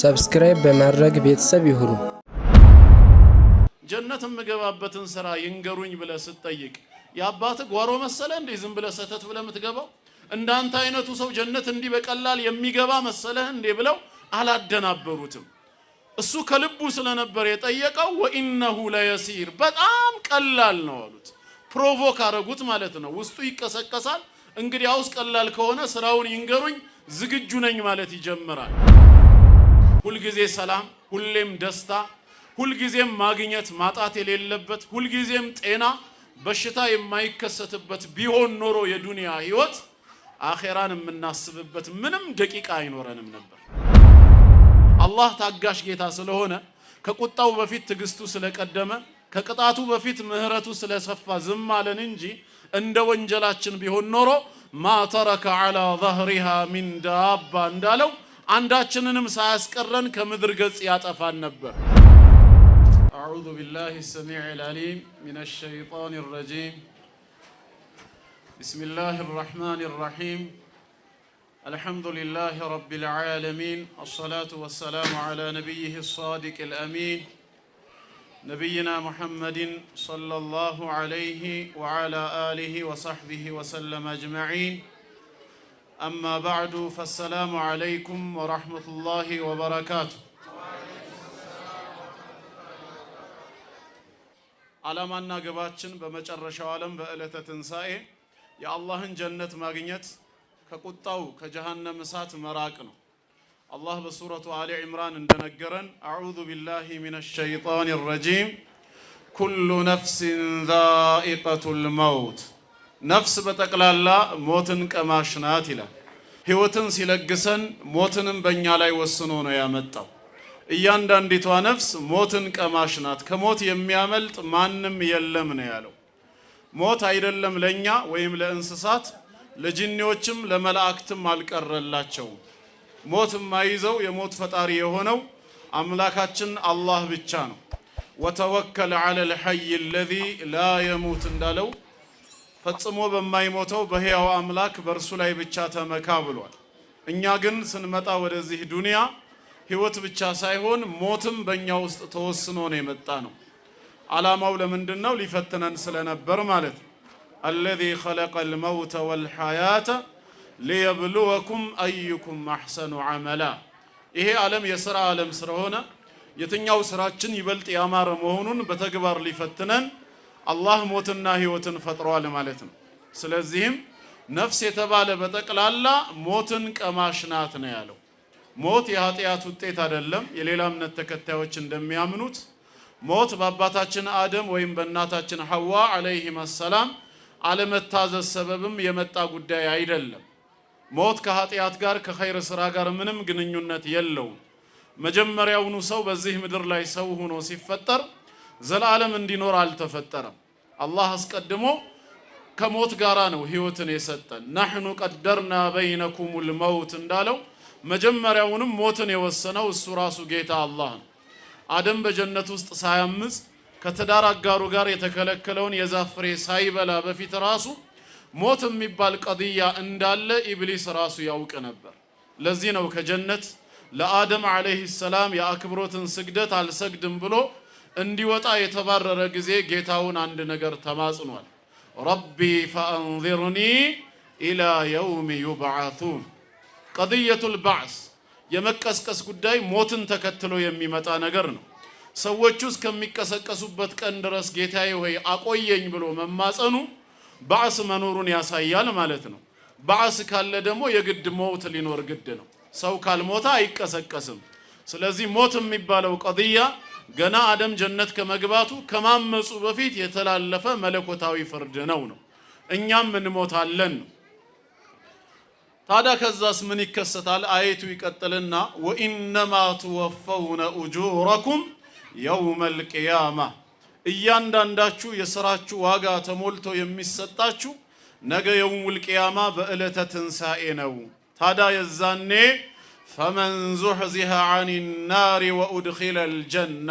ሰብስክራይብ በማድረግ ቤተሰብ ይሁኑ። ጀነት የምገባበትን ስራ ይንገሩኝ ብለህ ስትጠይቅ የአባት ጓሮ መሰለ እንዴ? ዝም ብለህ ሰተት ብለህ የምትገባው እንዳንተ አይነቱ ሰው ጀነት እንዲህ በቀላል የሚገባ መሰለህ እንዴ? ብለው አላደናበሩትም። እሱ ከልቡ ስለነበር የጠየቀው ወኢነሁ ለየሲር በጣም ቀላል ነው አሉት። ፕሮቮክ አረጉት ማለት ነው። ውስጡ ይቀሰቀሳል። እንግዲህ አውስ ቀላል ከሆነ ስራውን ይንገሩኝ ዝግጁ ነኝ ማለት ይጀምራል። ሁልጊዜ ሰላም፣ ሁሌም ደስታ፣ ሁልጊዜም ማግኘት ማጣት የሌለበት ሁልጊዜም ጤና በሽታ የማይከሰትበት ቢሆን ኖሮ የዱንያ ህይወት አኼራን የምናስብበት ምንም ደቂቃ አይኖረንም ነበር። አላህ ታጋሽ ጌታ ስለሆነ ከቁጣው በፊት ትዕግስቱ ስለቀደመ ከቅጣቱ በፊት ምህረቱ ስለሰፋ ዝም አለን እንጂ እንደ ወንጀላችን ቢሆን ኖሮ ማ ተረከ ዐላ ሚን ዳባ እንዳለው አንዳችንንም ሳያስቀረን ከምድር ገጽ ያጠፋን ነበር። አዑዙ ቢላሂ ሰሚዕ ልዓሊም ሚነ ሸይጣን ረጂም بسم الله الرحمن الرحيم الحمد لله رب العالمين الصلاة والسلام على نبيه الصادق الأمين نبينا محمد صلى الله عليه وعلى آله وصحبه وسلم أجمعين أما بعد فالسلام عليكم ورحمة الله وبركاته ዓላማና ግባችን በመጨረሻው ዓለም በዕለተ ትንሣኤ የአላህን ጀነት ማግኘት ከቁጣው ከጀሃነም እሳት መራቅ ነው። አላህ በሱረቱ አሊ ዒምራን እንደነገረን አዑዙ ቢላሂ ሚነ ሸይጣን ረጂም ኩሉ ነፍሲን ዛኢቀቱል መውት ነፍስ በጠቅላላ ሞትን ቀማሽ ናት ይላል። ሕይወትን ሲለግሰን ሞትንም በእኛ ላይ ወስኖ ነው ያመጣው። እያንዳንዲቷ ነፍስ ሞትን ቀማሽ ናት፣ ከሞት የሚያመልጥ ማንም የለም ነው ያለው። ሞት አይደለም ለእኛ ወይም ለእንስሳት ለጅኒዎችም ለመላእክትም አልቀረላቸውም። ሞት የማይዘው የሞት ፈጣሪ የሆነው አምላካችን አላህ ብቻ ነው። ወተወከል ዐለል ሐይ አለዚ ላ የሙት እንዳለው ፈጽሞ በማይሞተው በሕያው አምላክ በእርሱ ላይ ብቻ ተመካ ብሏል። እኛ ግን ስንመጣ ወደዚህ ዱንያ ህይወት ብቻ ሳይሆን ሞትም በእኛ ውስጥ ተወስኖ ነው የመጣ ነው። ዓላማው ለምንድን ነው? ሊፈትነን ስለነበር ማለት ነው። አለዚ ኸለቀል መውተ ወልሐያተ ሊየብልወኩም አዩኩም አሕሰኑ ዐመላ። ይሄ ዓለም የሥራ ዓለም ስለሆነ የትኛው ስራችን ይበልጥ ያማረ መሆኑን በተግባር ሊፈትነን አላህ ሞትና ህይወትን ፈጥሯል ማለት ነው። ስለዚህም ነፍስ የተባለ በጠቅላላ ሞትን ቀማሽ ናት ነው ያለው። ሞት የኃጢአት ውጤት አይደለም። የሌላ እምነት ተከታዮች እንደሚያምኑት ሞት በአባታችን አደም ወይም በእናታችን ሐዋ አለይሂም ሰላም አለመታዘዝ ሰበብም የመጣ ጉዳይ አይደለም። ሞት ከኃጢአት ጋር ከኸይር ስራ ጋር ምንም ግንኙነት የለውም። መጀመሪያውኑ ሰው በዚህ ምድር ላይ ሰው ሆኖ ሲፈጠር ዘላለም እንዲኖር አልተፈጠረም። አላህ አስቀድሞ ከሞት ጋራ ነው ህይወትን የሰጠን። ናሕኑ ቀደርና በይነኩሙል መውት እንዳለው መጀመሪያውንም ሞትን የወሰነው እሱ ራሱ ጌታ አላህ ነው። አደም በጀነት ውስጥ ሳያምጽ ከትዳር አጋሩ ጋር የተከለከለውን የዛፍ ፍሬ ሳይበላ በፊት ራሱ ሞት የሚባል ቀድያ እንዳለ ኢብሊስ ራሱ ያውቅ ነበር። ለዚህ ነው ከጀነት ለአደም ዓለይህ ሰላም የአክብሮትን ስግደት አልሰግድም ብሎ እንዲወጣ የተባረረ ጊዜ ጌታውን አንድ ነገር ተማጽኗል። ረቢ ፈአንዚርኒ ኢላ የውም ዩብዓቱን። ቀድየቱል ባዕስ የመቀስቀስ ጉዳይ ሞትን ተከትሎ የሚመጣ ነገር ነው። ሰዎቹ እስከሚቀሰቀሱበት ቀን ድረስ ጌታዬ ሆይ አቆየኝ ብሎ መማጸኑ ባዕስ መኖሩን ያሳያል ማለት ነው። ባዕስ ካለ ደግሞ የግድ ሞት ሊኖር ግድ ነው። ሰው ካልሞተ አይቀሰቀስም። ስለዚህ ሞት የሚባለው ቀድያ ገና አደም ጀነት ከመግባቱ ከማመፁ በፊት የተላለፈ መለኮታዊ ፍርድ ነው ነው እኛም እንሞታለን ነው። ታዲያ ከዛስ ምን ይከሰታል? አየቱ ይቀጥልና ወኢነማ ትወፈውነ ኡጁረኩም የውመል ቂያማ እያንዳንዳችሁ የሥራችሁ ዋጋ ተሞልቶ የሚሰጣችሁ ነገ የውሙል ቂያማ በዕለተ ትንሣኤ ነው። ታዲያ የዛኔ ፈመን ዙሕዚሃ አን ናሪ ወኡድኪለ ልጀና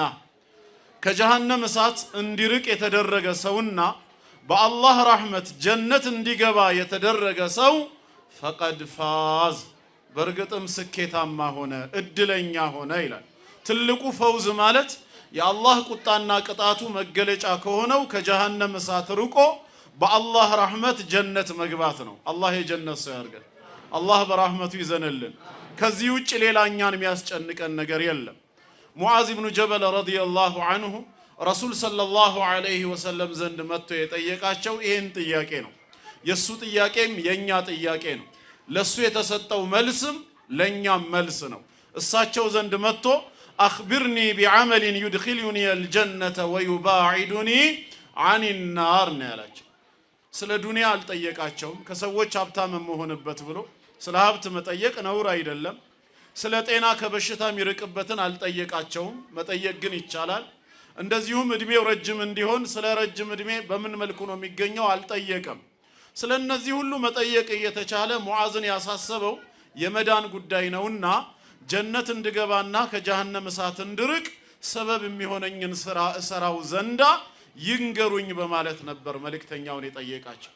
ከጀሃነም እሳት እንዲርቅ የተደረገ ሰውና በአላህ ረሕመት ጀነት እንዲገባ የተደረገ ሰው ፈቀድ ፋዝ በእርግጥም ስኬታማ ሆነ፣ እድለኛ ሆነ ይላል። ትልቁ ፈውዝ ማለት የአላህ ቁጣና ቅጣቱ መገለጫ ከሆነው ከጀሃነም እሳት ርቆ በአላህ ረሕመት ጀነት መግባት ነው። አላህ የጀነት ሰው ያርገን። አላህ በረሕመቱ ይዘንልን። ከዚህ ውጭ ሌላ እኛን የሚያስጨንቀን ነገር የለም። ሙዓዝ ብኑ ጀበል ረዲየላሁ አንሁ ረሱል ሰለላሁ አለይህ ወሰለም ዘንድ መጥቶ የጠየቃቸው ይህን ጥያቄ ነው። የእሱ ጥያቄም የእኛ ጥያቄ ነው። ለእሱ የተሰጠው መልስም ለእኛም መልስ ነው። እሳቸው ዘንድ መጥቶ አኽቢርኒ ቢዓመሊን ዩድኪሉኒ አልጀነተ ወዩባዒዱኒ አኒናር ነው ያላቸው። ስለ ዱንያ አልጠየቃቸውም። ከሰዎች ሀብታም መሆንበት ብሎ ስለ ሀብት መጠየቅ ነውር አይደለም። ስለ ጤና ከበሽታ የሚርቅበትን አልጠየቃቸውም። መጠየቅ ግን ይቻላል። እንደዚሁም እድሜው ረጅም እንዲሆን ስለ ረጅም እድሜ በምን መልኩ ነው የሚገኘው አልጠየቀም። ስለ እነዚህ ሁሉ መጠየቅ እየተቻለ ሙዓዝን ያሳሰበው የመዳን ጉዳይ ነውና ጀነት እንድገባና ከጀሃነም እሳት እንድርቅ ሰበብ የሚሆነኝን ስራ እሰራው ዘንዳ ይንገሩኝ በማለት ነበር መልእክተኛውን የጠየቃቸው።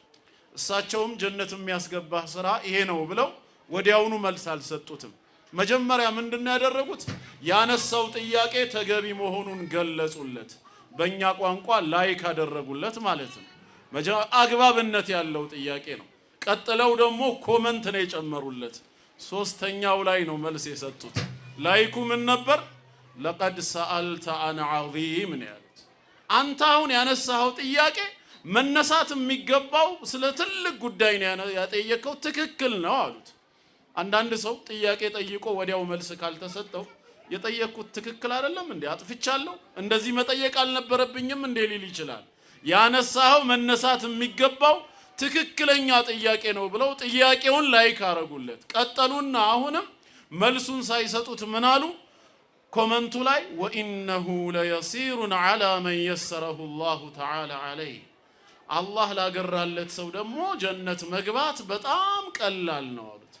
እሳቸውም ጀነት የሚያስገባህ ስራ ይሄ ነው ብለው ወዲያውኑ መልስ አልሰጡትም። መጀመሪያ ምንድን ነው ያደረጉት ያነሳው ጥያቄ ተገቢ መሆኑን ገለጹለት። በእኛ ቋንቋ ላይክ አደረጉለት ማለት ነው። አግባብነት ያለው ጥያቄ ነው። ቀጥለው ደግሞ ኮመንት ነው የጨመሩለት። ሶስተኛው ላይ ነው መልስ የሰጡት። ላይኩ ምን ነበር? ለቀድ ሰአልተ አን ዓዚም ነው ያሉት። አንተ አሁን ያነሳኸው ጥያቄ መነሳት የሚገባው ስለ ትልቅ ጉዳይ ነው ያጠየቀው፣ ትክክል ነው አሉት። አንዳንድ ሰው ጥያቄ ጠይቆ ወዲያው መልስ ካልተሰጠው የጠየቅኩት ትክክል አይደለም እንዴ አጥፍቻለሁ፣ እንደዚህ መጠየቅ አልነበረብኝም እንዴ ሊል ይችላል። ያነሳኸው መነሳት የሚገባው ትክክለኛ ጥያቄ ነው ብለው ጥያቄውን ላይክ አረጉለት። ቀጠሉና አሁንም መልሱን ሳይሰጡት ምን አሉ? ኮመንቱ ላይ ወኢነሁ ለየሲሩን ዓላ መን የሰረሁ ላሁ ተዓላ ዐለይህ አላህ ላገራለት ሰው ደግሞ ጀነት መግባት በጣም ቀላል ነው አሉት።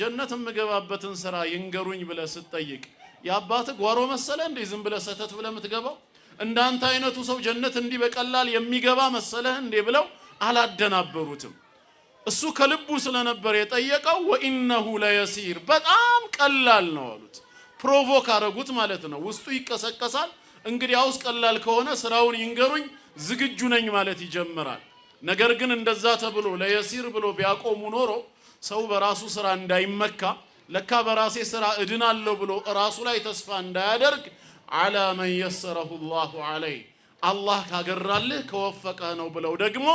ጀነት የምገባበትን ስራ ይንገሩኝ ብለ ስትጠይቅ የአባት ጓሮ መሰለ እንዴ ዝም ብለ ሰተት ብለ የምትገባው? እንዳንተ አይነቱ ሰው ጀነት እንዲህ በቀላል የሚገባ መሰለህ እንዴ ብለው አላደናበሩትም። እሱ ከልቡ ስለነበር የጠየቀው ወኢነሁ ለየሲር በጣም ቀላል ነው አሉት። ፕሮቮክ አረጉት ማለት ነው። ውስጡ ይቀሰቀሳል። እንግዲያውስ ቀላል ከሆነ ስራውን ይንገሩኝ ዝግጁ ነኝ ማለት ይጀምራል። ነገር ግን እንደዛ ተብሎ ለየሲር ብሎ ቢያቆሙ ኖሮ ሰው በራሱ ስራ እንዳይመካ ለካ በራሴ ስራ እድናለሁ ብሎ ራሱ ላይ ተስፋ እንዳያደርግ አላ መን የሰረሁ ላሁ አለይ አላህ ካገራልህ ከወፈቀህ ነው ብለው ደግሞ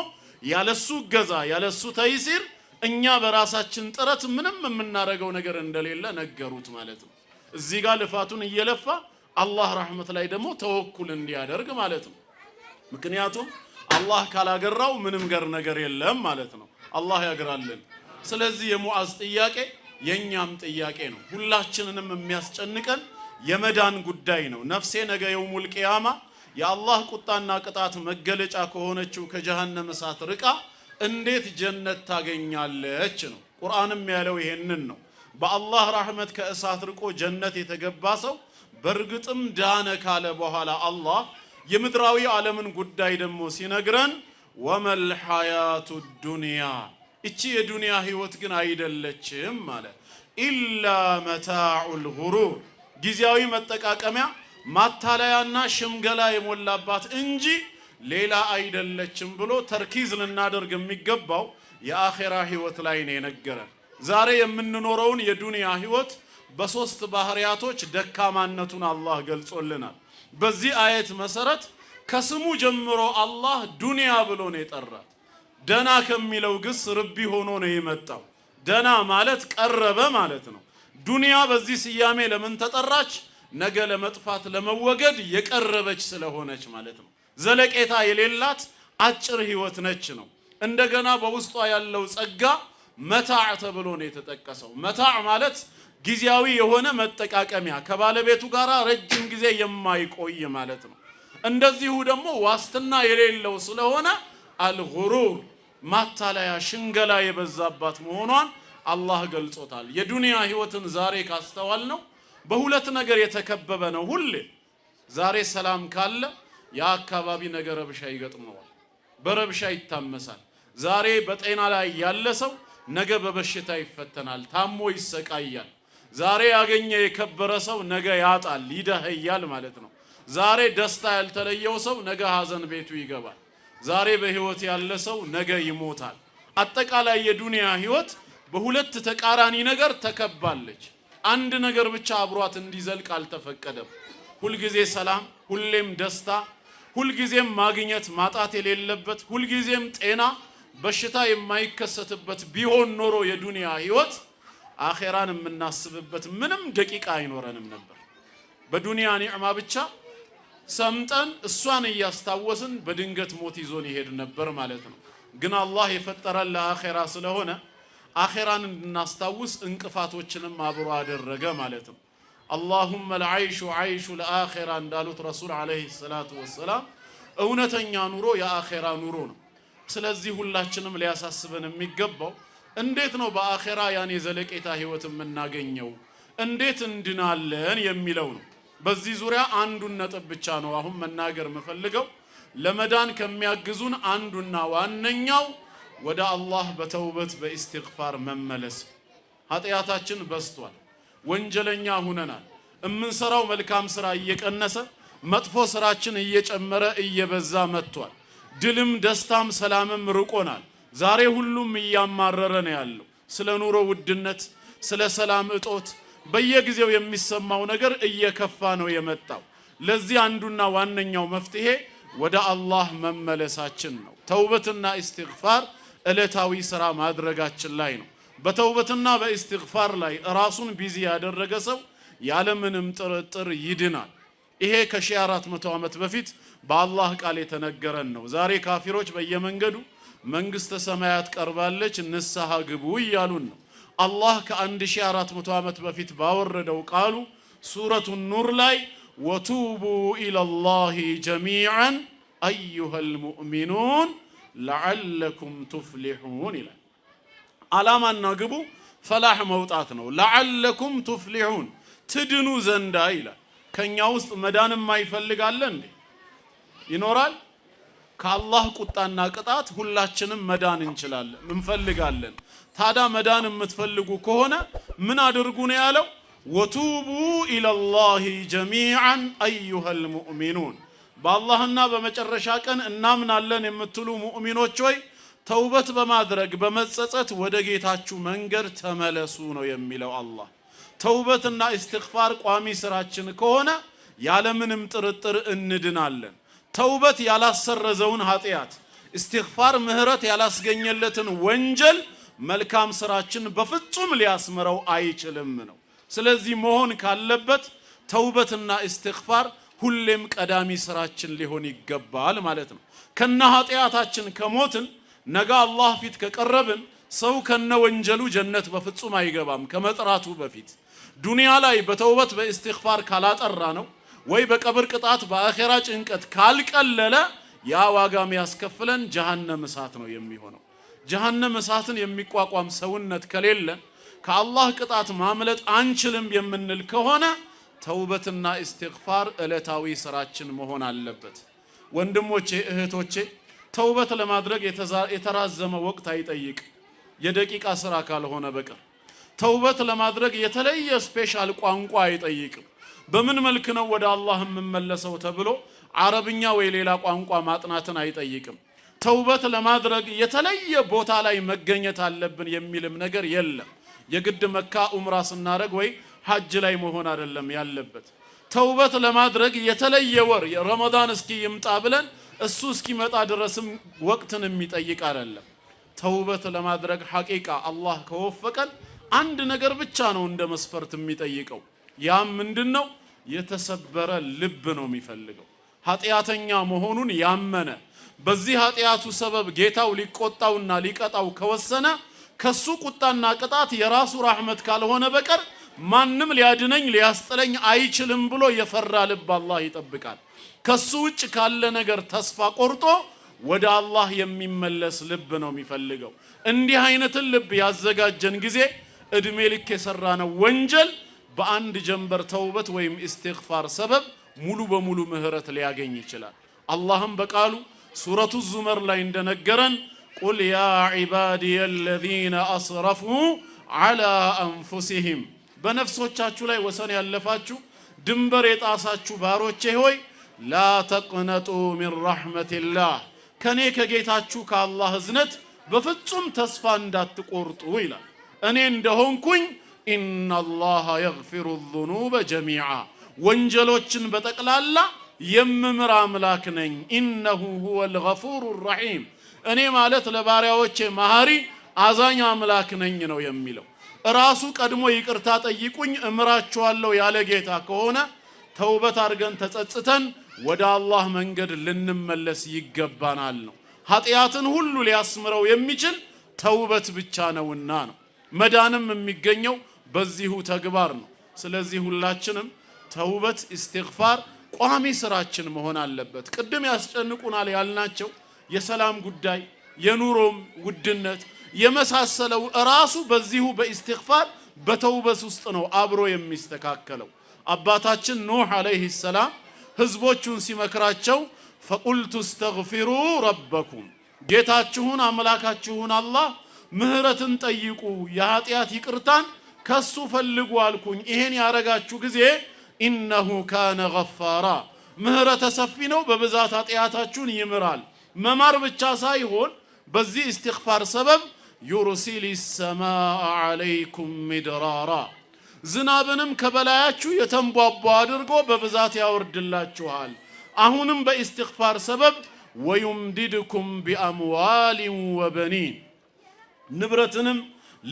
ያለሱ እገዛ ያለሱ ተይሲር እኛ በራሳችን ጥረት ምንም የምናደርገው ነገር እንደሌለ ነገሩት ማለት ነው። እዚህ ጋር ልፋቱን እየለፋ አላህ ረህመት ላይ ደግሞ ተወኩል እንዲያደርግ ማለት ነው። ምክንያቱም አላህ ካላገራው ምንም ገር ነገር የለም ማለት ነው። አላህ ያግራልን። ስለዚህ የሙዓዝ ጥያቄ የእኛም ጥያቄ ነው። ሁላችንንም የሚያስጨንቀን የመዳን ጉዳይ ነው። ነፍሴ ነገ የውሙል ቂያማ የአላህ ቁጣና ቅጣት መገለጫ ከሆነችው ከጀሃነም እሳት ርቃ እንዴት ጀነት ታገኛለች ነው። ቁርአንም ያለው ይሄንን ነው። በአላህ ረህመት ከእሳት ርቆ ጀነት የተገባ ሰው በእርግጥም ዳነ ካለ በኋላ አላህ የምድራዊ ዓለምን ጉዳይ ደግሞ ሲነግረን ወመል ሐያቱ ዱንያ እቺ የዱንያ ህይወት ግን አይደለችም አለ። ኢላ መታዑ ጉሩር ጊዜያዊ መጠቃቀሚያ ማታለያና ሽምገላ የሞላባት እንጂ ሌላ አይደለችም ብሎ ተርኪዝ ልናደርግ የሚገባው የአኼራ ህይወት ላይ ነው የነገረን። ዛሬ የምንኖረውን የዱንያ ህይወት በሶስት ባህሪያቶች ደካማነቱን አላህ ገልጾልናል። በዚህ አየት መሰረት ከስሙ ጀምሮ አላህ ዱንያ ብሎ ነው የጠራት። ደና ከሚለው ግስ ርቢ ሆኖ ነው የመጣው። ደና ማለት ቀረበ ማለት ነው። ዱንያ በዚህ ስያሜ ለምን ተጠራች? ነገ ለመጥፋት ለመወገድ የቀረበች ስለሆነች ማለት ነው። ዘለቄታ የሌላት አጭር ህይወት ነች ነው። እንደገና በውስጧ ያለው ጸጋ መታዕ ተብሎ ነው የተጠቀሰው። መታዕ ማለት ጊዜያዊ የሆነ መጠቃቀሚያ ከባለቤቱ ጋር ረጅም ጊዜ የማይቆይ ማለት ነው። እንደዚሁ ደግሞ ዋስትና የሌለው ስለሆነ አልጉሩር ማታለያ፣ ሽንገላ የበዛባት መሆኗን አላህ ገልጾታል። የዱንያ ህይወትን ዛሬ ካስተዋል ነው በሁለት ነገር የተከበበ ነው። ሁሌ ዛሬ ሰላም ካለ የአካባቢ ነገ ረብሻ ይገጥመዋል፣ በረብሻ ይታመሳል። ዛሬ በጤና ላይ ያለ ሰው ነገ በበሽታ ይፈተናል፣ ታሞ ይሰቃያል። ዛሬ ያገኘ የከበረ ሰው ነገ ያጣል፣ ይደህያል ማለት ነው። ዛሬ ደስታ ያልተለየው ሰው ነገ ሀዘን ቤቱ ይገባል። ዛሬ በህይወት ያለ ሰው ነገ ይሞታል። አጠቃላይ የዱንያ ህይወት በሁለት ተቃራኒ ነገር ተከባለች። አንድ ነገር ብቻ አብሯት እንዲዘልቅ አልተፈቀደም። ሁልጊዜ ሰላም፣ ሁሌም ደስታ፣ ሁልጊዜም ማግኘት ማጣት የሌለበት፣ ሁልጊዜም ጤና በሽታ የማይከሰትበት ቢሆን ኖሮ የዱንያ ህይወት አኼራን የምናስብበት ምንም ደቂቃ አይኖረንም ነበር። በዱንያ ኒዕማ ብቻ ሰምጠን እሷን እያስታወስን በድንገት ሞት ይዞን ይሄድ ነበር ማለት ነው። ግን አላህ የፈጠረን ለአኼራ ስለሆነ አኼራን እንድናስታውስ እንቅፋቶችንም አብሮ አደረገ ማለት ነው። አላሁመ ልዓይሹ ዓይሹ ለአኼራ እንዳሉት ረሱል ዓለይሂ ሰላቱ ወሰላም እውነተኛ ኑሮ የአኼራ ኑሮ ነው። ስለዚህ ሁላችንም ሊያሳስበን የሚገባው እንዴት ነው በአኼራ ያን የዘለቄታ ህይወት የምናገኘው? እንዴት እንድናለን የሚለው ነው። በዚህ ዙሪያ አንዱን ነጥብ ብቻ ነው አሁን መናገር የምፈልገው። ለመዳን ከሚያግዙን አንዱና ዋነኛው ወደ አላህ በተውበት በኢስቲግፋር መመለስ። ኃጢአታችን በስቷል፣ ወንጀለኛ ሁነናል። የምንሰራው መልካም ስራ እየቀነሰ መጥፎ ስራችን እየጨመረ እየበዛ መጥቷል። ድልም ደስታም ሰላምም ርቆናል። ዛሬ ሁሉም እያማረረ ነው ያለው። ስለ ኑሮ ውድነት፣ ስለ ሰላም እጦት በየጊዜው የሚሰማው ነገር እየከፋ ነው የመጣው። ለዚህ አንዱና ዋነኛው መፍትሄ ወደ አላህ መመለሳችን ነው። ተውበትና ኢስቲግፋር ዕለታዊ ስራ ማድረጋችን ላይ ነው። በተውበትና በኢስቲግፋር ላይ ራሱን ቢዚ ያደረገ ሰው ያለምንም ጥርጥር ይድናል። ይሄ ከሺ አራት መቶ ዓመት በፊት በአላህ ቃል የተነገረን ነው። ዛሬ ካፊሮች በየመንገዱ መንግስተ ሰማያት ቀርባለች ንስሐ ግቡ እያሉን ነው። አላህ ከ1400 ዓመት በፊት ባወረደው ቃሉ ሱረቱ ኑር ላይ ወቱቡ ኢለላሂ ጀሚዓን አዩሃል ሙእሚኑን ለዓለኩም ቱፍሊሑን ይላል። ዓላማና ግቡ ፈላህ መውጣት ነው። ለዓለኩም ቱፍሊሑን ትድኑ ዘንዳ ይላል። ከእኛ ውስጥ መዳን የማይፈልጋለ እንዴ? ይኖራል። ከአላህ ቁጣና ቅጣት ሁላችንም መዳን እንችላለን እንፈልጋለን። ታዳ መዳን የምትፈልጉ ከሆነ ምን አድርጉ ነው ያለው? ወቱቡ ኢለላሂ ጀሚዓን አዩሃል ሙእሚኑን፣ በአላህና በመጨረሻ ቀን እናምናለን የምትሉ ሙእሚኖች ሆይ ተውበት በማድረግ በመጸጸት ወደ ጌታችሁ መንገድ ተመለሱ ነው የሚለው አላህ። ተውበትና ኢስትግፋር ቋሚ ስራችን ከሆነ ያለምንም ጥርጥር እንድናለን። ተውበት ያላሰረዘውን ኃጢአት፣ እስትግፋር ምህረት ያላስገኘለትን ወንጀል መልካም ስራችን በፍጹም ሊያስምረው አይችልም ነው። ስለዚህ መሆን ካለበት ተውበትና እስትግፋር ሁሌም ቀዳሚ ስራችን ሊሆን ይገባል ማለት ነው። ከነ ኃጢአታችን ከሞትን ነገ አላህ ፊት ከቀረብን ሰው ከነ ወንጀሉ ጀነት በፍጹም አይገባም ከመጥራቱ በፊት ዱንያ ላይ በተውበት በእስትግፋር ካላጠራ ነው ወይ በቀብር ቅጣት በአኼራ ጭንቀት ካልቀለለ ያ ዋጋ የሚያስከፍለን ጀሃነም እሳት ነው የሚሆነው። ጀሃነም እሳትን የሚቋቋም ሰውነት ከሌለ ከአላህ ቅጣት ማምለጥ አንችልም የምንል ከሆነ ተውበትና ኢስቲግፋር ዕለታዊ ስራችን መሆን አለበት። ወንድሞቼ እህቶቼ፣ ተውበት ለማድረግ የተራዘመ ወቅት አይጠይቅ የደቂቃ ስራ ካልሆነ በቀር ተውበት ለማድረግ የተለየ ስፔሻል ቋንቋ አይጠይቅም። በምን መልክ ነው ወደ አላህ የምመለሰው ተብሎ አረብኛ ወይ ሌላ ቋንቋ ማጥናትን አይጠይቅም። ተውበት ለማድረግ የተለየ ቦታ ላይ መገኘት አለብን የሚልም ነገር የለም። የግድ መካ ኡምራ ስናደረግ ወይ ሐጅ ላይ መሆን አይደለም ያለበት። ተውበት ለማድረግ የተለየ ወር ረመዳን እስኪ ይምጣ ብለን እሱ እስኪመጣ ድረስም ወቅትን የሚጠይቅ አይደለም። ተውበት ለማድረግ ሐቂቃ አላህ ከወፈቀን አንድ ነገር ብቻ ነው እንደ መስፈርት የሚጠይቀው ያም ምንድን ነው? የተሰበረ ልብ ነው የሚፈልገው። ኃጢአተኛ መሆኑን ያመነ በዚህ ኃጢአቱ ሰበብ ጌታው ሊቆጣውና ሊቀጣው ከወሰነ ከሱ ቁጣና ቅጣት የራሱ ራህመት ካልሆነ በቀር ማንም ሊያድነኝ ሊያስጥለኝ አይችልም ብሎ የፈራ ልብ አላህ ይጠብቃል። ከሱ ውጭ ካለ ነገር ተስፋ ቆርጦ ወደ አላህ የሚመለስ ልብ ነው የሚፈልገው። እንዲህ አይነትን ልብ ያዘጋጀን ጊዜ እድሜ ልክ የሰራነው ወንጀል በአንድ ጀንበር ተውበት ወይም ኢስቲግፋር ሰበብ ሙሉ በሙሉ ምህረት ሊያገኝ ይችላል። አላህም በቃሉ ሱረቱ ዙመር ላይ እንደነገረን ቁል ያ ዒባዲየ አለዚነ አስረፉ ዓላ አንፉሲህም በነፍሶቻችሁ ላይ ወሰን ያለፋችሁ ድንበር የጣሳችሁ ባሮቼ ሆይ ላ ተቅነጡ ሚን ረሕመቲላህ ከኔ ከጌታችሁ ከአላህ እዝነት በፍጹም ተስፋ እንዳትቆርጡ ይላል። እኔ እንደሆንኩኝ ኢነላሃ የግፊሩ ዙኑበ ጀሚዓ ወንጀሎችን በጠቅላላ የምምር አምላክ ነኝ። ኢነሁ ሁወል ገፉሩ ረሒም እኔ ማለት ለባሪያዎቼ መሐሪ አዛኝ አምላክ ነኝ ነው የሚለው። እራሱ ቀድሞ ይቅርታ ጠይቁኝ እምራችኋለሁ ያለ ጌታ ከሆነ ተውበት አድርገን ተጸጽተን ወደ አላህ መንገድ ልንመለስ ይገባናል ነው። ኃጢአትን ሁሉ ሊያስምረው የሚችል ተውበት ብቻ ነውና ነው መዳንም የሚገኘው በዚሁ ተግባር ነው። ስለዚህ ሁላችንም ተውበት ኢስቲግፋር ቋሚ ስራችን መሆን አለበት። ቅድም ያስጨንቁናል ያልናቸው የሰላም ጉዳይ፣ የኑሮም ውድነት የመሳሰለው ራሱ በዚሁ በኢስቲግፋር በተውበት ውስጥ ነው አብሮ የሚስተካከለው። አባታችን ኑህ አለይሂ ሰላም ህዝቦቹን ሲመክራቸው ፈቁልቱ እስተግፊሩ ረበኩም ጌታችሁን አምላካችሁን አላህ ምህረትን ጠይቁ የኃጢአት ይቅርታን ከሱ ፈልጉ አልኩኝ። ይሄን ያረጋችሁ ጊዜ ኢነሁ ካነ ገፋራ ምህረተ ሰፊ ነው፣ በብዛት ኃጢአታችሁን ይምራል። መማር ብቻ ሳይሆን በዚህ እስትግፋር ሰበብ ዩርሲል ሰማአ ዓለይኩም ሚድራራ ዝናብንም ከበላያችሁ የተንቧቧ አድርጎ በብዛት ያወርድላችኋል። አሁንም በእስትግፋር ሰበብ ወዩምዲድኩም ቢአምዋሊን ወበኒን ንብረትንም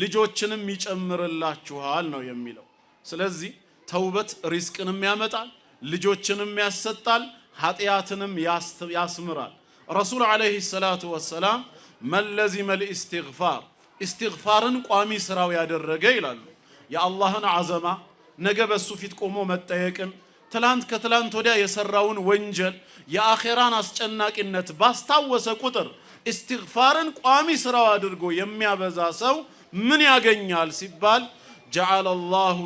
ልጆችንም ይጨምርላችኋል ነው የሚለው። ስለዚህ ተውበት ሪዝቅንም ያመጣል፣ ልጆችንም ያሰጣል፣ ኃጢአትንም ያስምራል። ረሱል ዓለይሂ ሰላቱ ወሰላም መለዚመል ኢስቲግፋር ኢስቲግፋርን ቋሚ ስራው ያደረገ ይላሉ። የአላህን አዘማ ነገ በሱ ፊት ቆሞ መጠየቅን ትላንት ከትላንት ወዲያ የሰራውን ወንጀል የአኼራን አስጨናቂነት ባስታወሰ ቁጥር ኢስቲግፋርን ቋሚ ስራው አድርጎ የሚያበዛ ሰው ምን ያገኛል ሲባል ጀዓለ ላሁ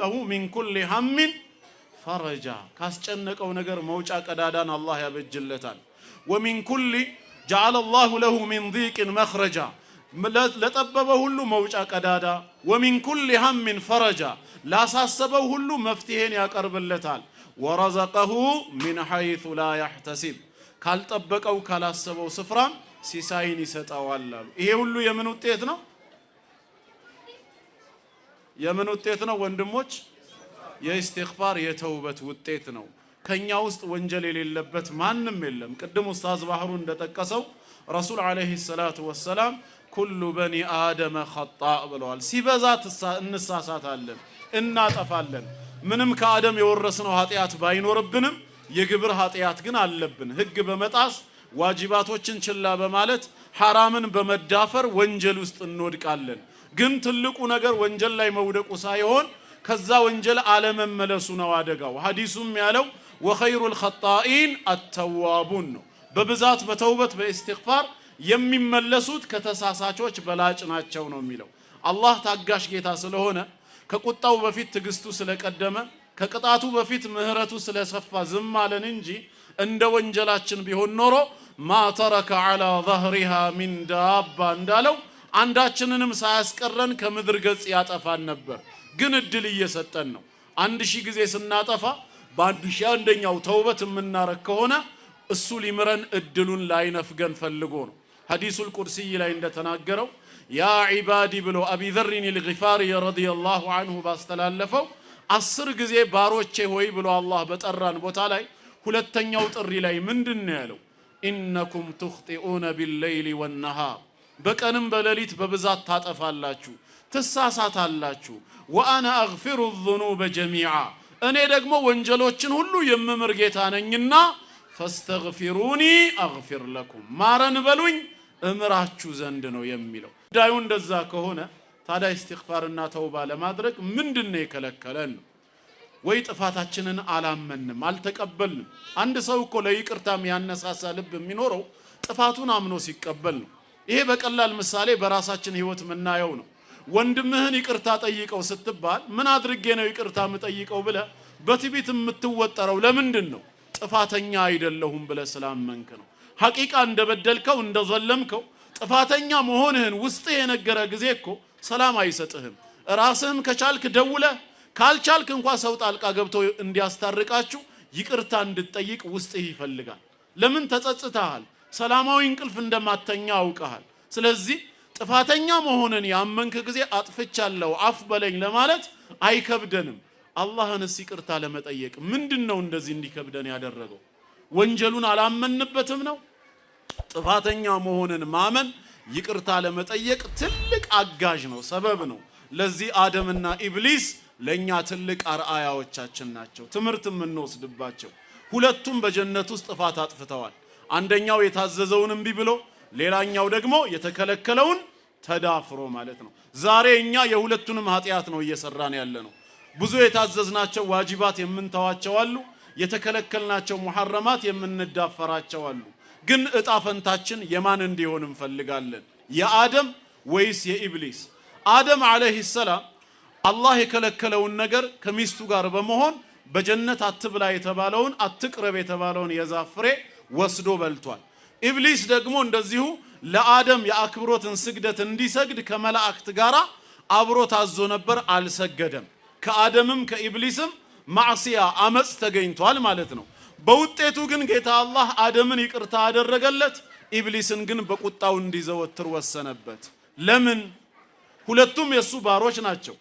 ለሁ ሚን ኩል ሐሚን ፈረጃ ካስጨነቀው ነገር መውጫ ቀዳዳን አላህ ያበጅለታል። ወሚን ኩል ጀዓለ ላሁ ለሁ ሚን ዲቅን መኽረጃ ለጠበበው ሁሉ መውጫ ቀዳዳ፣ ወሚን ኩል ሐሚን ፈረጃ ላሳሰበው ሁሉ መፍትሄን ያቀርብለታል። ወረዘቀሁ ሚን ሐይቱ ላ ያሕተሲብ ካልጠበቀው ካላሰበው ስፍራም? ሲሳይን ይሰጠዋል አሉ። ይሄ ሁሉ የምን ውጤት ነው? የምን ውጤት ነው ወንድሞች? የኢስቲግፋር የተውበት ውጤት ነው። ከኛ ውስጥ ወንጀል የሌለበት ማንም የለም። ቅድም ኡስታዝ ባህሩ እንደጠቀሰው ረሱል አለይሂ ሰላቱ ወሰላም ኩሉ በኒ አደመ ኸጣእ ብለዋል። ሲበዛ እንሳሳታለን፣ እናጠፋለን። ምንም ከአደም የወረስነው ኃጢአት ባይኖርብንም የግብር ኃጢአት ግን አለብን። ህግ በመጣስ ዋጅባቶችን ችላ በማለት ሐራምን በመዳፈር ወንጀል ውስጥ እንወድቃለን። ግን ትልቁ ነገር ወንጀል ላይ መውደቁ ሳይሆን ከዛ ወንጀል አለመመለሱ ነው አደጋው። ሐዲሱም ያለው ወኸይሩል ኸጣኢን አተዋቡን ነው። በብዛት በተውበት በእስትግፋር የሚመለሱት ከተሳሳቾች በላጭ ናቸው ነው የሚለው። አላህ ታጋሽ ጌታ ስለሆነ ከቁጣው በፊት ትዕግስቱ ስለቀደመ ከቅጣቱ በፊት ምህረቱ ስለሰፋ ዝም አለን እንጂ እንደ ወንጀላችን ቢሆን ኖሮ ማተረከ ዓላ ظهرها ሚን ዳባ እንዳለው አንዳችንንም ሳያስቀረን ከምድር ገጽ ያጠፋን ነበር። ግን እድል እየሰጠን ነው። አንድ ሺህ ጊዜ ስናጠፋ በአንድ ሺህ አንደኛው ተውበት የምናረግ ከሆነ እሱ ሊምረን እድሉን ላይነፍገን ፈልጎ ነው። ሐዲሱል ቁድሲይ ላይ እንደተናገረው ያ ዒባዲ ብሎ አቢ ዘሪን ልጊፋሪ ረዲየላሁ አንሁ ባስተላለፈው አስር ጊዜ ባሮቼ ሆይ ብሎ አላህ በጠራን ቦታ ላይ ሁለተኛው ጥሪ ላይ ምንድን ነው ያለው? ኢነኩም ትኽጢኡነ ቢለይሊ ወነሃር በቀንም በሌሊት በብዛት ታጠፋላችሁ፣ ትሳሳታላችሁ። ወአነ አግፊሩ ዙኑበ ጀሚዓ እኔ ደግሞ ወንጀሎችን ሁሉ የምምር ጌታ ነኝና ፈስተግፊሩኒ አግፊር ለኩም ማረን በሉኝ እምራችሁ ዘንድ ነው የሚለው። ጉዳዩ እንደዛ ከሆነ ታዲያ ኢስቲግፋርና ተውባ ለማድረግ ምንድን ነው የከለከለን ነው? ወይ ጥፋታችንን አላመንም፣ አልተቀበልንም። አንድ ሰው እኮ ለይቅርታ የሚያነሳሳ ልብ የሚኖረው ጥፋቱን አምኖ ሲቀበል ነው። ይሄ በቀላል ምሳሌ በራሳችን ህይወት የምናየው ነው። ወንድምህን ይቅርታ ጠይቀው ስትባል ምን አድርጌ ነው ይቅርታ የምጠይቀው ብለ በትቢት የምትወጠረው ለምንድን ነው? ጥፋተኛ አይደለሁም ብለ ስላመንክ ነው። ሐቂቃ እንደበደልከው እንደዘለምከው ጥፋተኛ መሆንህን ውስጥህ የነገረ ጊዜ እኮ ሰላም አይሰጥህም። ራስህም ከቻልክ ደውለህ ካልቻልክ እንኳ ሰው ጣልቃ ገብቶ እንዲያስታርቃችሁ ይቅርታ እንድትጠይቅ ውስጥህ ይፈልጋል። ለምን ተጸጽተሃል? ሰላማዊ እንቅልፍ እንደማተኛ አውቀሃል። ስለዚህ ጥፋተኛ መሆንን ያመንክ ጊዜ አጥፍቻለሁ አፍ በለኝ ለማለት አይከብደንም። አላህንስ ይቅርታ ለመጠየቅ ምንድን ነው እንደዚህ እንዲከብደን ያደረገው? ወንጀሉን አላመንበትም ነው? ጥፋተኛ መሆንን ማመን ይቅርታ ለመጠየቅ ትልቅ አጋዥ ነው፣ ሰበብ ነው። ለዚህ አደምና ኢብሊስ ለእኛ ትልቅ አርአያዎቻችን ናቸው፣ ትምህርት የምንወስድባቸው። ሁለቱም በጀነት ውስጥ ጥፋት አጥፍተዋል። አንደኛው የታዘዘውን እምቢ ብሎ፣ ሌላኛው ደግሞ የተከለከለውን ተዳፍሮ ማለት ነው። ዛሬ እኛ የሁለቱንም ኃጢአት ነው እየሰራን ያለ ነው። ብዙ የታዘዝናቸው ዋጅባት የምንተዋቸው አሉ፣ የተከለከልናቸው ሙሐረማት የምንዳፈራቸው አሉ። ግን እጣ ፈንታችን የማን እንዲሆን እንፈልጋለን? የአደም ወይስ የኢብሊስ? አደም አለይሂ ሰላም አላህ የከለከለውን ነገር ከሚስቱ ጋር በመሆን በጀነት አትብላ የተባለውን አትቅረብ የተባለውን የዛፍ ፍሬ ወስዶ በልቷል። ኢብሊስ ደግሞ እንደዚሁ ለአደም የአክብሮትን ስግደት እንዲሰግድ ከመላእክት ጋር አብሮ ታዞ ነበር፣ አልሰገደም። ከአደምም ከኢብሊስም ማዕሲያ አመፅ ተገኝቷል ማለት ነው። በውጤቱ ግን ጌታ አላህ አደምን ይቅርታ አደረገለት፣ ኢብሊስን ግን በቁጣው እንዲዘወትር ወሰነበት። ለምን? ሁለቱም የእሱ ባሮች ናቸው።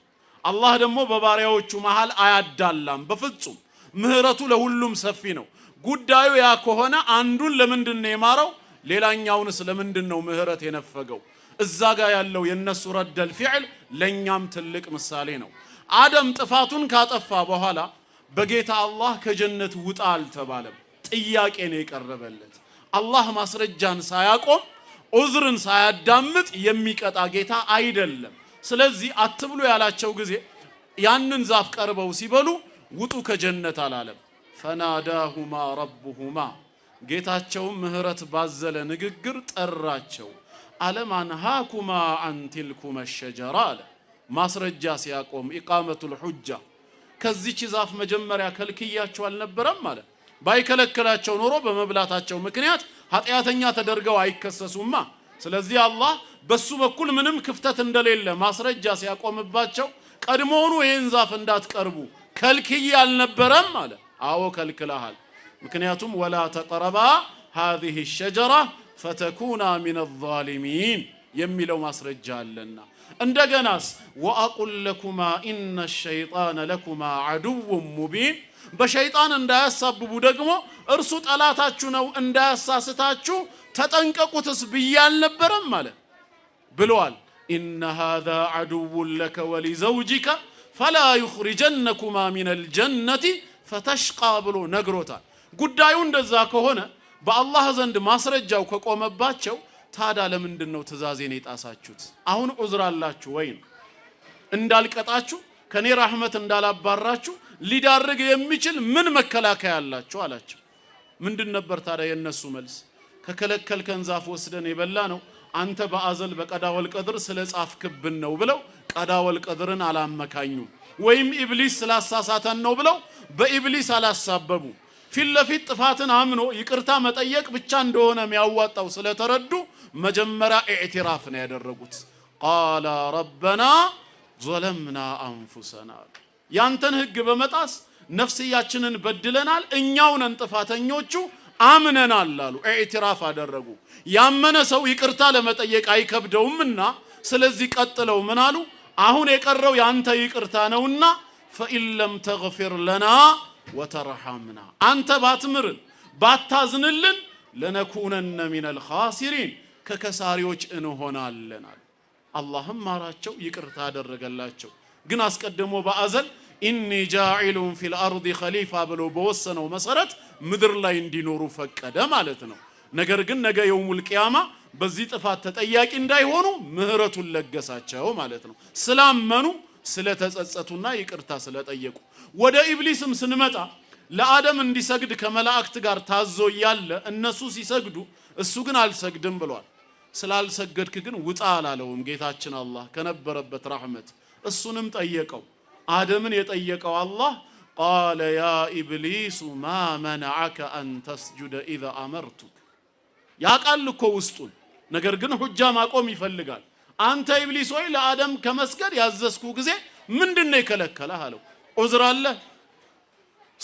አላህ ደግሞ በባሪያዎቹ መሃል አያዳላም በፍጹም ምህረቱ ለሁሉም ሰፊ ነው። ጉዳዩ ያ ከሆነ አንዱን ለምንድን ነው የማረው? ሌላኛውንስ ለምንድን ነው ምህረት የነፈገው? እዛ ጋር ያለው የነሱ ረደል ፊዕል ለኛም ትልቅ ምሳሌ ነው። አደም ጥፋቱን ካጠፋ በኋላ በጌታ አላህ ከጀነት ውጣ አልተባለም። ጥያቄ ነው የቀረበለት። አላህ ማስረጃን ሳያቆም ዑዝርን ሳያዳምጥ የሚቀጣ ጌታ አይደለም። ስለዚህ አትብሉ ያላቸው ጊዜ ያንን ዛፍ ቀርበው ሲበሉ ውጡ ከጀነት አላለም። ፈናዳሁማ ረቡሁማ ጌታቸው ምህረት ባዘለ ንግግር ጠራቸው። አለማንሃኩማ አን ቲልኩመ ሸጀራ አለ። ማስረጃ ሲያቆም ኢቃመቱል ሑጃ ከዚች ዛፍ መጀመሪያ ከልክያቸው አልነበረም አለ። ባይከለክላቸው ኖሮ በመብላታቸው ምክንያት ኃጢአተኛ ተደርገው አይከሰሱማ። ስለዚህ አላህ በሱ በኩል ምንም ክፍተት እንደሌለ ማስረጃ ሲያቆምባቸው ቀድሞውኑ ይህን ዛፍ እንዳትቀርቡ ከልክዬ አልነበረም አለ። አዎ ከልክለሃል። ምክንያቱም ወላ ተቀረባ ሃዚህ ሸጀራ ፈተኩና ሚነ ዛሊሚን የሚለው ማስረጃ አለና እንደገናስ ወአቁል ለኩማ ኢነ ሸይጣነ ለኩማ አድውን ሙቢን በሸይጣን እንዳያሳብቡ ደግሞ እርሱ ጠላታችሁ ነው እንዳያሳስታችሁ ተጠንቀቁትስ ብዬ አልነበረም አለ። ብለዋል። ኢነ ሃዛ ዐዱውን ለከ ወሊዘውጂከ ፈላ ዩኽሪጀነኩማ ሚነል ጀነቲ ፈተሽቃ ብሎ ነግሮታል። ጉዳዩ እንደዛ ከሆነ በአላህ ዘንድ ማስረጃው ከቆመባቸው ታዳ ለምንድን ነው ትእዛዜን የጣሳችሁት? አሁን ዑዝር አላችሁ ወይ እንዳልቀጣችሁ ከኔ ራህመት እንዳላባራችሁ ሊዳርግ የሚችል ምን መከላከያ አላችሁ አላቸው። ምንድን ነበር ታዲያ የእነሱ መልስ? ከከለከልከን ዛፍ ወስደን የበላ ነው አንተ በአዘል በቀዳወል ቀድር ስለ ጻፍክብን ነው ብለው ቀዳወል ቀድርን አላመካኙ፣ ወይም ኢብሊስ ስላሳሳተን ነው ብለው በኢብሊስ አላሳበቡ። ፊት ለፊት ጥፋትን አምኖ ይቅርታ መጠየቅ ብቻ እንደሆነ የሚያዋጣው ስለተረዱ መጀመሪያ ኢዕትራፍ ነው ያደረጉት። ቃለ ረበና ዘለምና አንፉሰና ያንተን ህግ በመጣስ ነፍስያችንን በድለናል፣ እኛው ነን ጥፋተኞቹ አምነናል አሉ። ኢዕትራፍ አደረጉ። ያመነ ሰው ይቅርታ ለመጠየቅ አይከብደውምና ስለዚህ ቀጥለው ምን አሉ? አሁን የቀረው የአንተ ይቅርታ ነውና ፈኢን ለም ተግፊር ለና ወተርሐምና አንተ ባትምርን ባታዝንልን ለነኩነነ ሚነል ኻሲሪን ከከሳሪዎች እንሆናለን አሉ። አላህም ማራቸው፣ ይቅርታ አደረገላቸው። ግን አስቀድሞ በአዘል ኢኒ ጃዒሉን ፊል አርዲ ኸሊፋ ብሎ በወሰነው መሰረት ምድር ላይ እንዲኖሩ ፈቀደ ማለት ነው። ነገር ግን ነገ የውሙል ቂያማ በዚህ ጥፋት ተጠያቂ እንዳይሆኑ ምህረቱን ለገሳቸው ማለት ነው። ስላመኑ ስለተጸጸቱና ይቅርታ ስለጠየቁ። ወደ ኢብሊስም ስንመጣ ለአደም እንዲሰግድ ከመላእክት ጋር ታዞ እያለ እነሱ ሲሰግዱ እሱ ግን አልሰግድም ብሏል። ስላልሰገድክ ግን ውጣ አላለውም ጌታችን አላህ ከነበረበት ራህመት እሱንም ጠየቀው። አደምን የጠየቀው አላህ ቃለ ያ ኢብሊሱ ማ መነዐከ አን ተስጁደ ኢዘ አመርቱክ ያቃል እኮ ውስጡን። ነገር ግን ሁጃ ማቆም ይፈልጋል። አንተ ኢብሊስ ሆይ ለአደም ከመስገድ ያዘዝኩ ጊዜ ምንድነው ነው የከለከለህ አለው። ዑዝር አለህ?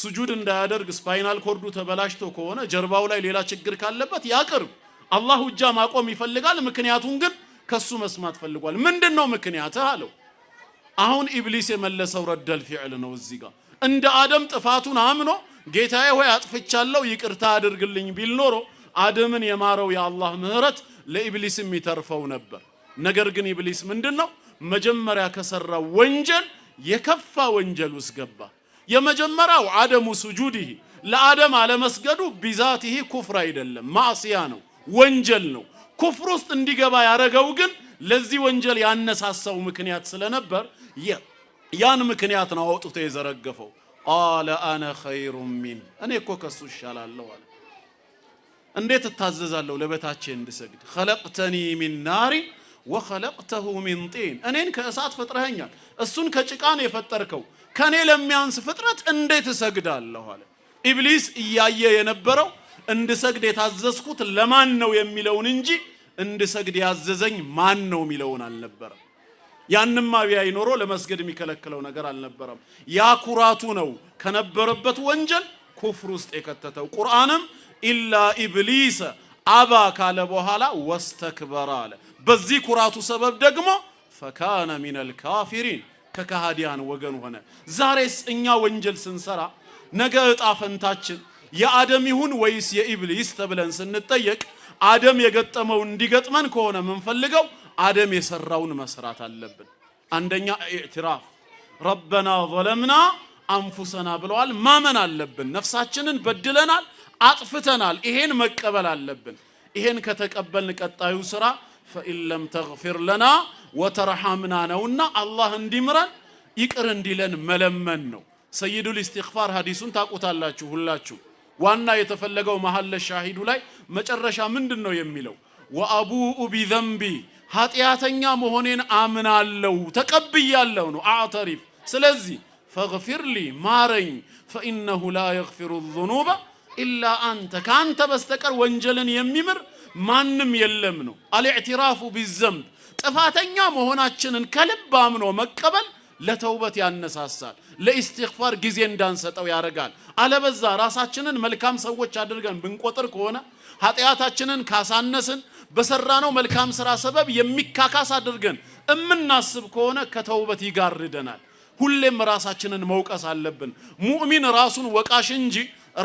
ስጁድ እንዳያደርግ ስፓይናል ኮርዱ ተበላሽቶ ከሆነ ጀርባው ላይ ሌላ ችግር ካለበት ያቅርብ። አላህ ሁጃ ማቆም ይፈልጋል። ምክንያቱን ግን ከሱ መስማት ፈልጓል። ምንድነው ነው ምክንያትህ አለው። አሁን ኢብሊስ የመለሰው ረደል ፊዕል ነው። እዚህ ጋር እንደ አደም ጥፋቱን አምኖ ጌታዬ ሆይ አጥፍቻለሁ ይቅርታ አድርግልኝ ቢል ኖሮ አደምን የማረው የአላህ ምህረት ለኢብሊስም ይተርፈው ነበር። ነገር ግን ኢብሊስ ምንድን ነው መጀመሪያ ከሰራው ወንጀል የከፋ ወንጀል ውስጥ ገባ። የመጀመሪያው አደሙ ሱጁድህ ለአደም አለመስገዱ ቢዛትህ ኩፍር አይደለም፣ ማዕስያ ነው፣ ወንጀል ነው። ኩፍር ውስጥ እንዲገባ ያደረገው ግን ለዚህ ወንጀል ያነሳሳው ምክንያት ስለነበር ያን ምክንያት ነው አውጥቶ የዘረገፈው። አለ አነ ኸይሩ ሚን እኔ እኮ ከሱ ይሻላለሁ አለ። እንዴት እታዘዛለሁ? ለበታቼ እንድሰግድ ኸለቅተኒ ሚን ናሪ ወኸለቅተሁ ሚን ጢን። እኔን ከእሳት ፈጥረኸኛል፣ እሱን ከጭቃን የፈጠርከው። ከእኔ ለሚያንስ ፍጥረት እንዴት እሰግዳለሁ አለ። ኢብሊስ እያየ የነበረው እንድሰግድ የታዘዝኩት ለማን ነው የሚለውን እንጂ እንድሰግድ ያዘዘኝ ማን ነው የሚለውን አልነበረም። ያንማ ቢያይ ኖሮ ለመስገድ የሚከለክለው ነገር አልነበረም። ያ ኩራቱ ነው ከነበረበት ወንጀል ኩፍር ውስጥ የከተተው። ቁርአንም ኢላ ኢብሊስ አባ ካለ በኋላ ወስተክበረ አለ። በዚህ ኩራቱ ሰበብ ደግሞ ፈካነ ሚነል ካፊሪን ከካሃዲያን ወገን ሆነ። ዛሬስ እኛ ወንጀል ስንሰራ ነገ እጣ ፈንታችን የአደም ይሁን ወይስ የኢብሊስ ተብለን ስንጠየቅ አደም የገጠመው እንዲገጥመን ከሆነ የምንፈልገው አደም የሰራውን መስራት አለብን። አንደኛ ኢዕትራፍ ረበና ዘለምና አንፉሰና ብለዋል። ማመን አለብን። ነፍሳችንን በድለናል፣ አጥፍተናል። ይሄን መቀበል አለብን። ይሄን ከተቀበልን ቀጣዩ ስራ ፈኢን ለም ተግፊር ለና ወተርሐምና ነውና አላህ እንዲምረን ይቅር እንዲለን መለመን ነው። ሰይዱል ኢስቲግፋር ሀዲሱን ታቁታላችሁ ሁላችሁ። ዋና የተፈለገው መሀል ሻሂዱ ላይ መጨረሻ ምንድን ነው የሚለው? ወአቡኡ ቢዘንቢ ኃጢአተኛ መሆኔን አምናለሁ ተቀብያለሁ ነው። አዕተሪፍ ስለዚህ ፈግፊርሊ ማረኝ፣ ፈኢነሁ ላ የግፊሩ ዙኑበ ኢላ አንተ ከአንተ በስተቀር ወንጀልን የሚምር ማንም የለም ነው። አልዕትራፉ ቢዘንብ ጥፋተኛ መሆናችንን ከልብ አምኖ መቀበል ለተውበት ያነሳሳል። ለኢስቲግፋር ጊዜ እንዳንሰጠው ያደርጋል። አለበዛ ራሳችንን መልካም ሰዎች አድርገን ብንቆጥር ከሆነ ኃጢአታችንን ካሳነስን በሰራነው መልካም ስራ ሰበብ የሚካካስ አድርገን እምናስብ ከሆነ ከተውበት ይጋርደናል። ሁሌም ራሳችንን መውቀስ አለብን። ሙእሚን ራሱን ወቃሽ እንጂ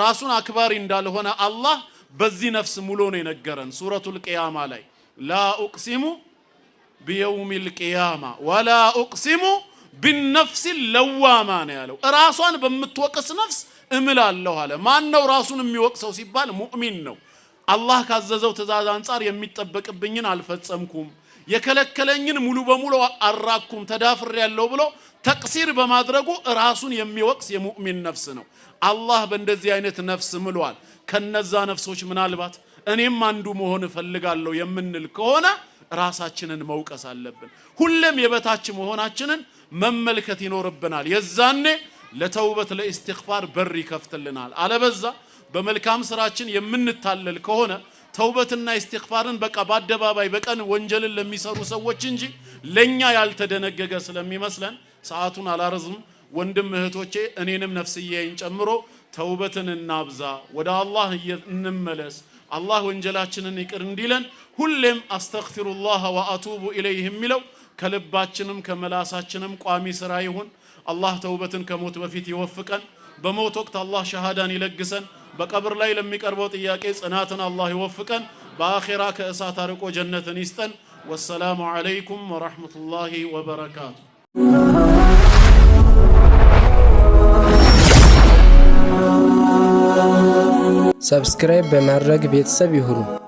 ራሱን አክባሪ እንዳልሆነ አላህ በዚህ ነፍስ ሙሉ ነው የነገረን። ሱረቱል ቂያማ ላይ ላ ኡቅሲሙ ቢየውሚል ቅያማ ወላ ኡቅሲሙ ቢነፍሲ ለዋማ ነው ያለው። ራሷን በምትወቅስ ነፍስ እምላለሁ አለ። ማን ነው ራሱን የሚወቅሰው ሲባል ሙእሚን ነው። አላህ ካዘዘው ትእዛዝ አንጻር የሚጠበቅብኝን አልፈጸምኩም፣ የከለከለኝን ሙሉ በሙሉ አራኩም፣ ተዳፍር ያለው ብሎ ተቅሲር በማድረጉ ራሱን የሚወቅስ የሙእሚን ነፍስ ነው። አላህ በእንደዚህ አይነት ነፍስ ምሏል። ከነዛ ነፍሶች ምናልባት እኔም አንዱ መሆን እፈልጋለሁ የምንል ከሆነ ራሳችንን መውቀስ አለብን። ሁሌም የበታች መሆናችንን መመልከት ይኖርብናል። የዛኔ ለተውበት ለኢስቲግፋር በር ይከፍትልናል። አለበዛ በመልካም ስራችን የምንታለል ከሆነ ተውበትና ኢስቲግፋርን በቃ በአደባባይ በቀን ወንጀልን ለሚሰሩ ሰዎች እንጂ ለኛ ያልተደነገገ ስለሚመስለን ሰዓቱን አላረዝም። ወንድም እህቶቼ፣ እኔንም ነፍስዬን ጨምሮ ተውበትን እናብዛ፣ ወደ አላህ እንመለስ። አላህ ወንጀላችንን ይቅር እንዲለን ሁሌም አስተግፊሩላህ ወአቱቡ ኢለይህ የሚለው ከልባችንም ከመላሳችንም ቋሚ ስራ ይሁን። አላህ ተውበትን ከሞት በፊት ይወፍቀን። በሞት ወቅት አላህ ሸሃዳን ይለግሰን። በቀብር ላይ ለሚቀርበው ጥያቄ ጽናትን አላህ ይወፍቀን። በአኼራ ከእሳት አርቆ ጀነትን ይስጠን። ወሰላሙ ዓለይኩም ወረሕመቱላሂ ወበረካቱ። ሰብስክራይብ በማድረግ ቤተሰብ ይሁኑ።